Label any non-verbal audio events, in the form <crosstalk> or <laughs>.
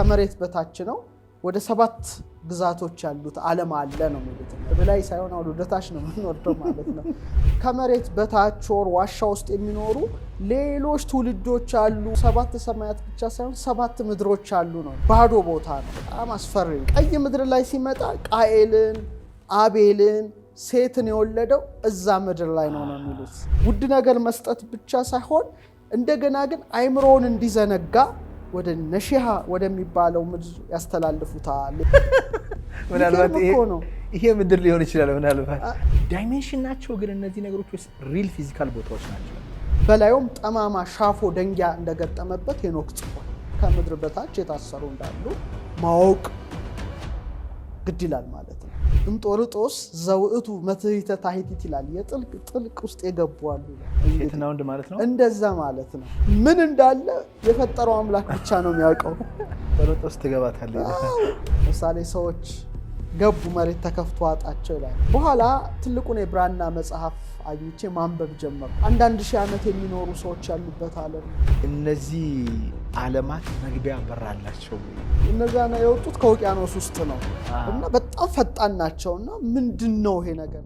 ከመሬት በታች ነው። ወደ ሰባት ግዛቶች ያሉት ዓለም አለ ነው የሚሉት። ሳይሆን አሁን ወደ ታች ነው የምንወርደው ማለት ነው። ከመሬት በታች ወር ዋሻ ውስጥ የሚኖሩ ሌሎች ትውልዶች አሉ። ሰባት ሰማያት ብቻ ሳይሆን ሰባት ምድሮች አሉ ነው። ባዶ ቦታ ነው። በጣም አስፈሪ ነው። ቀይ ምድር ላይ ሲመጣ ቃኤልን፣ አቤልን፣ ሴትን የወለደው እዛ ምድር ላይ ነው ነው የሚሉት። ውድ ነገር መስጠት ብቻ ሳይሆን እንደገና ግን አይምሮውን እንዲዘነጋ ወደ ነሺሃ ወደሚባለው ምድር ያስተላልፉታል። <laughs> ይሄ ምድር ሊሆን ይችላል። ምናልባት ዳይሜንሽን ናቸው፣ ግን እነዚህ ነገሮች ውስጥ ሪል ፊዚካል ቦታዎች ናቸው። በላዩም ጠማማ ሻፎ ደንጊያ እንደገጠመበት ሄኖክ ጽፏል። ከምድር በታች የታሰሩ እንዳሉ ማወቅ ግድ ይላል ማለት ነው። እንጦርጦስ ዘውእቱ መትሕተ ታሕቲት ይላል። የጥልቅ ጥልቅ ውስጥ የገቡ አሉ። ሴትና ወንድ ማለት ነው። እንደዛ ማለት ነው። ምን እንዳለ የፈጠረው አምላክ ብቻ ነው የሚያውቀው። ጦርጦስ ትገባታለህ። ምሳሌ ሰዎች ገቡ መሬት ተከፍቶ አጣቸው ይላል። በኋላ ትልቁን የብራና መጽሐፍ አግኝቼ ማንበብ ጀመሩ። አንዳንድ ሺህ ዓመት የሚኖሩ ሰዎች ያሉበት ዓለም እነዚህ ዓለማት መግቢያ በር አላቸው። እነዛ የወጡት ከውቅያኖስ ውስጥ ነው እና በጣም ፈጣን ናቸው እና ምንድን ነው ይሄ ነገር